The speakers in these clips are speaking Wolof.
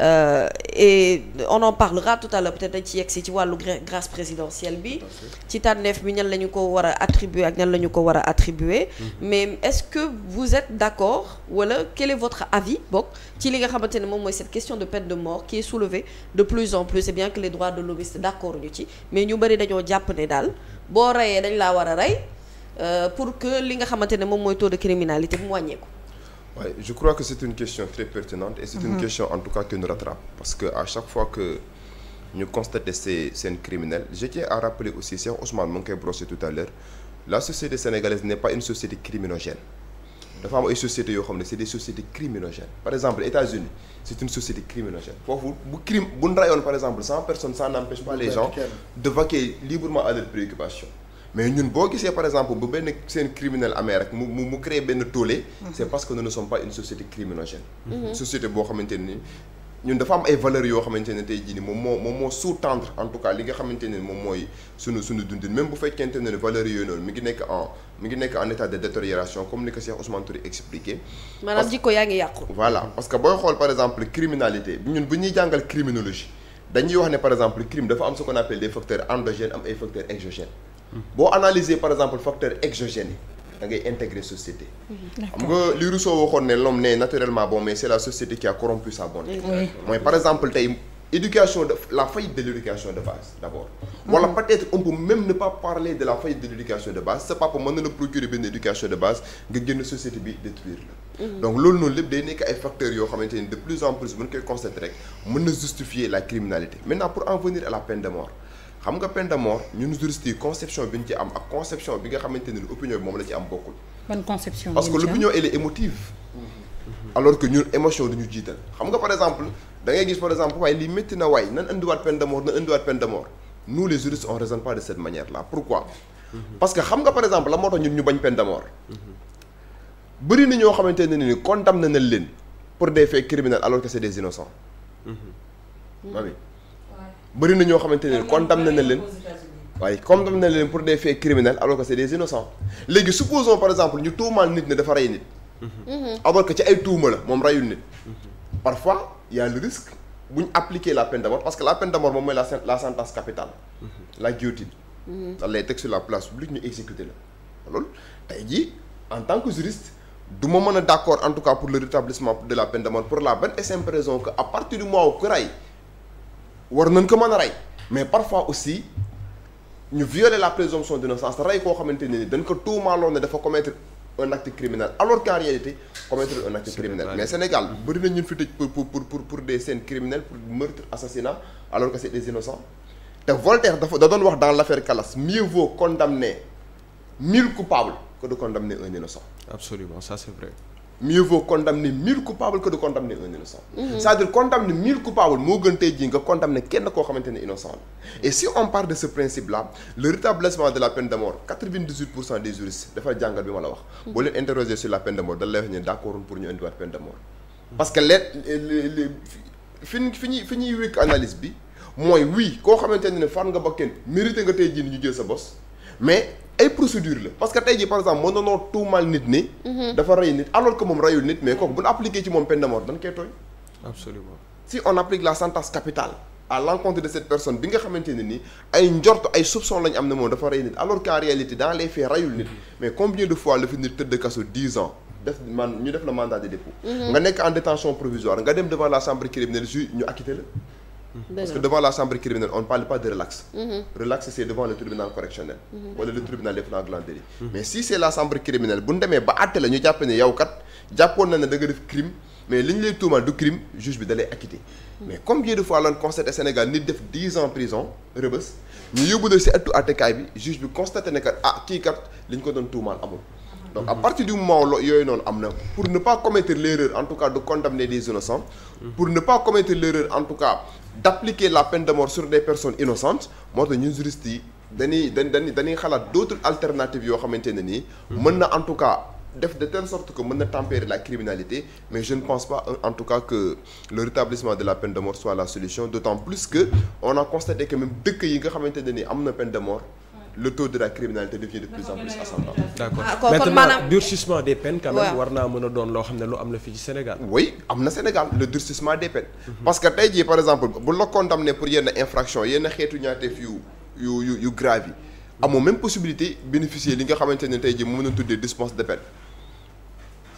Euh, et on en parlera tout à l'heure dañ ci yegg si ci wàllu grâce présidentielle bi ci tànneef bi ñan la ñu ko war a attribuer ak ñan la ñu ko war a attribuer mm-hmm. mais est-ce que vous êtes d'accord wala quel est votre avis bokk ci li nga xamante ne moom mooy cette question de peine de mort qui est soulevée de plus en plus c'est bien que les droits de l'hommiste d'accord ñu ci mais ñu bëri dañoo jàpp ne daal boo reyee dañ laa war rey euh, pour que li nga xamante ne moom mooy taux de criminalité mu wàññeeku waaye je crois que c'est une question très pertinente et c'est une mhm. question en tout cas qui nous rattrape parce que à chaque fois que ñu constater ces scènes criminelles je tiens à rappeler aussi Cheikh Ousmane mu ngi koy brosser tout à l'heure la société sénégalaise n'est pas une société criminogène dafa am ay sociétés yoo xam ne c'est des sociétés criminogènes par exemple États-Unis c'est une société criminogène foofu bu crime bu ñu rayoon par exemple cent personnes mais ñun boo gisee par exemple bu benn seen criminel amee rek mu mu mu créer benn tollé. Mhm. c' est parce que nous ne sommes pas une société criminogène. Mhm. Une société boo xamante ni. ñun dafa am ay valeurs yoo xamante ne tey jii nii moom moo moom moo sous-tendre en tout cas li nga xamante ne moom mooy sunu sunu dundin même bu fekkente ne valeurs yooyu noonu mi ngi nekk en mi ngi nekk en état de détérioration comme ni ko Cheikh Ousmane Touré expliqué. maanaam jikko yaa ngi yàqu. voilà parce que booy xool par exemple criminalité ñun bu ñuy jàngal criminologie dañuy wax ne par exemple crime dafa am ce qu'on appelle des facteurs endogènes am ay facteurs exogènes. boo analyser par exemple facteur exogène yi da ngay intégrer société. xam nga li Rousseau waxoon ne l'homme n'est naturellement bon mais c'est la société qui a corrompu sa bonté. mooy par exemple tey éducation de la faillite de l'éducation de base d'abord. wala mmh. voilà, peut-être ne pas parler de la faillite de l'éducation de base sa papa mën na la procurer benn éducation de base nga génn société bi détruire la. Mm-hmm. donc loolu noonu lépp day nekk ay facteurs yoo xamante ni de plus en plus bu ñu koy constater rek mën xam nga peine de mort ñun juriste yi conception bi ñu ci am ak conception bi nga xamante ni opinion la am bokkul. ban conception parce que l'opinion mm-hmm. ñu jiital. xam nga par exemple da ngay gis par exemple waaye lii métti na waay nan indiwaat peine de mort nan indiwaat peine de mort nous les mm-hmm. par exemple la moo tax ñun ñu bañ peine de mort. Mm-hmm. bëri na ñoo xamante ne ni condamné na leen pour des faits criminels alors que c'est des innocents. bëri na ñoo xamante ne condamné na leen waaye condamné na leen pour des faits criminels alors que c'est des innocents léegi supposons par exemple ñu tuumaal nit ne dafa rey nit mm-hmm. alors que ci ay tuuma la moom reyul nit parfois il y a le risque la peine de parce que la peine de moom mooy la la capitale mm-hmm. la guillotine dañ mm-hmm. lay teg sur la place publique ñu exécuter la loolu tey jii en tant que juriste du ma mën a d'accord en tout cas pour le rétablissement la peine de mort pour la bonne et simple raison que à partir du moment où ku rey war nañ ko mën a rey mais parfois aussi ñu violer la présomption d'innocence rey koo xamante ni dañ ko tuumaaloon ne dafa commettre un acte criminel alors qu'en réalité commettre un criminel mais Sénégal bëri na ñun fi tëj pour pour pour pour des scènes criminelles pour meurtre assassinat alors que c'est des innocents te Voltaire dafa da doon wax dans l'affaire Calas mieux vaut condamner mille coupables que de condamner un innocent absolument ça c'est vrai mieux vaut condamner mille coupables que de condamner un innocent. c'est-à-dire condamner mille coupables moo gën tey jii nga condamner kenn koo xamante ne innocent la. et si on part de ce principe là le rétablissement de la peine de mort 98 pour cent des juristes dafa jàngat bi ma la wax. boo leen interroger sur la peine de mort dañ wax ne d'accord pour ñu indiwaat peine de mort. parce que leen fi fi ñuy fi ñuy wékk analyse bi mooy oui koo xamante ne ne faat nga ba kenn mérité nga tey jii ñu sa bos. mais ay procédure la parce que tey jii par exemple mën na noo tuumaal nit ni mhm. dafa rey nit alors que moom reyul nit mais kooku bu ñu appliqué ci moom peine de mort dañ absolument si on applique la sentence capitale à l'encontre de cette personne bi nga xamante ne ni ay njort ay soupçon lañu am ne moom dafa rey nit alors qu'en réalité dans les faits reyul nit mhm. mais combien de fois la fi nit tëdd kaso dix ans def man ñu def la mandat de dépôt mhm. Mhm. parce que devant la chambre criminelle on ne parle pas de relax. Mhm. relax c'est devant le tribunal correctionnel. Mhm. wala le tribunal des flagrants délits. mais si c'est la chambre bu ñu ba àtte la ñu jàpp yow kat jàppoon na ne da def crime mais li ñu lay tuumal du crime juge bi da lay mais combien de fois lañ constaté Sénégal nit def dix ans prison rëbës ñu yóbbu la si ëttu àttekaay bi juge bi constaté ne kat ah kii kat li donc à partir du moment lo yooyu noonu am na pour ne pas commettre l'erreur en tout cas de condamner des innocents mm-hmm. pour ne pas commettre l'erreur en tout cas d'appliquer la peine de mort sur des personnes innocentes moo tax ñun juristes yi dañuy da dañuy xalaat d'autres alternatives yoo xamante ne nii mm-hmm. mën na en tout cas def de telle sorte que mën na tempérer la criminalité mais je ne pense pas euh, en tout cas que le rétablissement de la peine de mort soit le taux de la criminalité devient de plus en plus d'accord ah, ah, maintenant durcissement des peines war naa mën a doon loo xam ne lu am na fii ci Sénégal. oui am na Sénégal le durcissement des peines. parce que tey jii par exemple bu la condamné pour yenn infraction yenn xeetu ñaateef yu yu yu yu grave yi. possibilité bénéficier li nga xamante ne tey jii mu mën a tuddee dispense de peine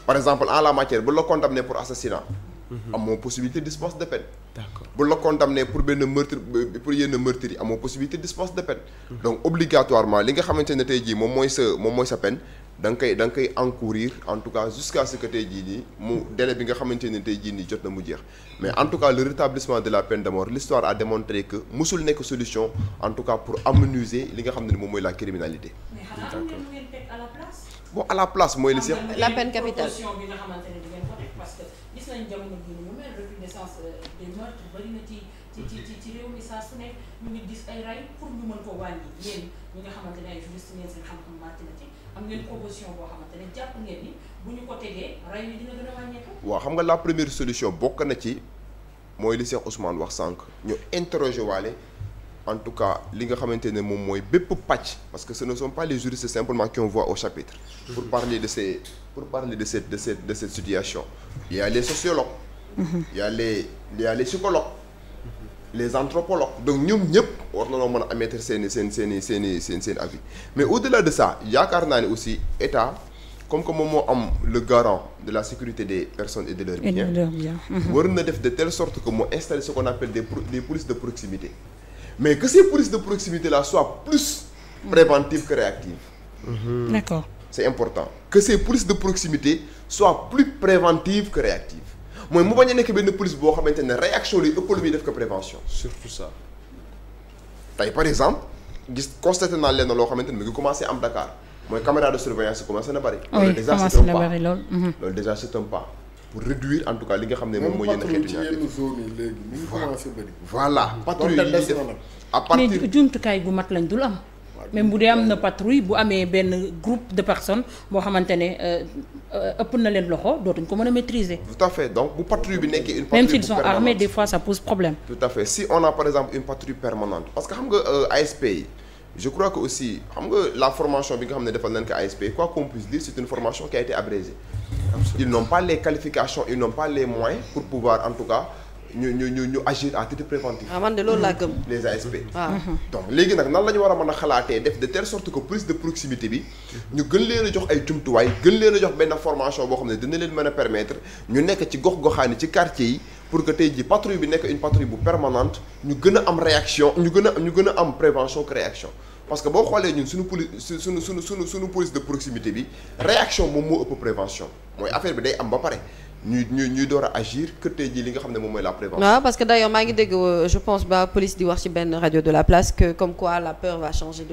par exemple en la matière bu la condamné pour assassinat. Mm-hmm. amoo possibilité dispense de peine d'accord bu la condamné pour benn meurtre pour yenn meurtre yi amoo possibilité dispense de peine mm-hmm. donc obligatoirement li nga xamante ne tey jii moom mooy sa moom mooy sa peine da nga koy da encourir en tout cas jusqu'à ce que tey jii nii mu délai bi nga xamante ne tey jii nii jot na mu jeex mais en tout cas le rétablissement de la peine de mort l'histoire a démontré que musul nekk solution en tout cas pour amenuiser li nga xam ne moom mooy la criminalité boo à la place mooy li. Ah, la peine capitale nga xamante que gis xam nga la première solution bokk na ci mooy li Cheikh wax sànq ñu interroger en tout cas li nga xamante ne moom mooy bépp pàcc parce que ce ne sont pas les juristes simplement qu'on voit au chapitre pour parler de ces pour parler de cette de cette de cette situation il y a les sociologues les anthropologues donc ñoom ñëpp war na noo mën a émettre seen i seen seen i seen i seen seen avis mais au-delà de ça yaakaar naa ne aussi état comme que moom moo am le garant de la sécurité des personnes et de leurs biens war na def de telle sorte mais que ces polices de proximité là soient plus préventives que réactives. Mmh. C'est important que ces polices de proximité soient plus préventives que réactives mooy mu bañ a nekk benn police boo xamante ne réaction luy ëpp lu muy def que prévention. surtout ça. tey par exemple gis constaté naa leen loo xamante ne mu ngi commencé am Dakar mooy caméra de surveillance yi na bari. Mm-hmm. loolu déjà c'est un pas pour réduire en tout cas li nga xam ne moom mooy yenn xeetu ñaar yenn mais jumtukaay bu mat lañ dul am même bu dee am na patrouille bu amee benn groupe de personnes boo xamante ne euh, euh, ëpp na leen loxo dootuñ ko mën a maîtriser. tout à fait donc bu patrouille bi nekkee une. patrouille même s'ils sont armés a par une patrouille parce que xam nga euh, ASP yi je crois que aussi xam nga la formation bi nga xam ne defal nañ ko ASP quoi qu'on puisse c'est une formation ils n'ont pas les qualifications ils n'ont pas pour pouvoir en tout cas ñu ñu ñu ñu agir à titre préventif. ah man de loolu laa gëm. les ASP. Ah. donc léegi nag nan la ñu war a mën a xalaatee def de telle sort que police de proximité bi ñu gën leen jox ay jumtuwaay gën leen a jox benn formation boo xam ne dina leen mën a permettre ñu nekk ci gox goxaani ci quartier yi pour que tey ji patrouille bi nekk une patrouille bu permanente ñu gën a am réaction ñu gën a ñu gën a am prévention que réaction. parce que boo xoolee ñun suñu poli suñu suñu suñu suñu police de proximité bi réaction moom moo ëpp prévention mooy affaire bi day am ba pare ñuy ñuy ñuy door a agir que tey jii li nga xam ne moom mooy la prévention. waaw parce que d'ailleurs maa ngi dégg euh, je pense police de la place de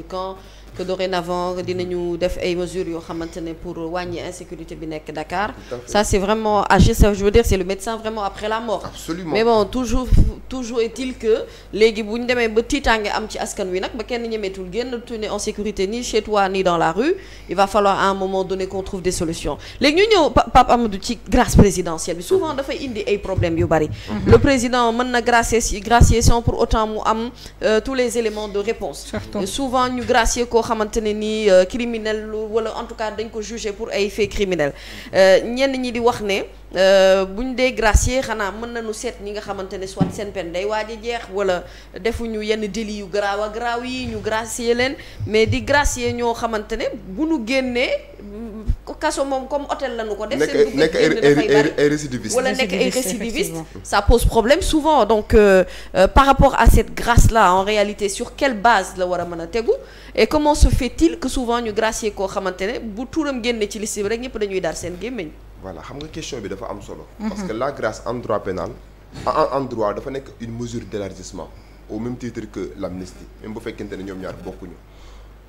camp. que dorénavant dinañu def ay mesures yoo xamante ne pour wàññi insécurité bi nekk Dakar. ça c'est vraiment âgé ça je veux dire c'est le médecin vraiment après la mort. Absolument. mais toujours est-il que léegi bu ñu demee ba tiitaange am ci askan wi nag ba kenn ñemeetul génn tu n'es en sécurité ni chez toi ni dans la rue il va présidentielle bi souvent dafay indi ay problèmes yu bari. le président mën na gracier si gracier sans pour autant mu am euh, tous les éléments de réponse souvent ñu gracier koo xamante ne nii euh, criminel wala en tout cas dañ ko juger pour ay faits criminels euh, ñenn ñi di wax ne bu ñu dee gracier xanaa mën nañu seet ñi nga xamante soit seen peine day waaj a jeex wala defuñu yenn délit yu garaaw a yi ñu gracier leen mais di gracier ñoo xamante bu ñu génnee. kaso moom comme hôtel lañu ko def seen nekk ay récidiviste wala nekk ay récidiviste ça pose problème souvent donc euh, euh, par rapport à cette grâce là en réalité sur quelle base la war a mën a tegu et comment se fait-il que souvent ñu gracier koo xamante ne bu tuuram génne ci liste rek ñëpp dañuy daal seen gémmiñ voilà xam nga question bi dafa am solo mhm. parce que la grâce en droit pénal en droit dafa nekk une mesure d'élargissement au même titre que l'amnistie fekkente ne ñoom ñaar bokkuñu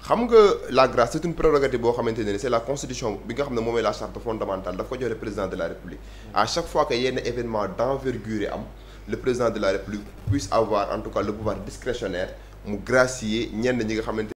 xam nga la grâce c'est une prérogative boo xamante ne c'est la constitution bi nga xam ne moomee la charte fondamentale daf ko joxe président de la république à chaque fois que yenn événement d'envergure am le président de la république puisse avoir en tout cas le pouvoir discrétionnaire mu gracier ñenn ñi nga xamante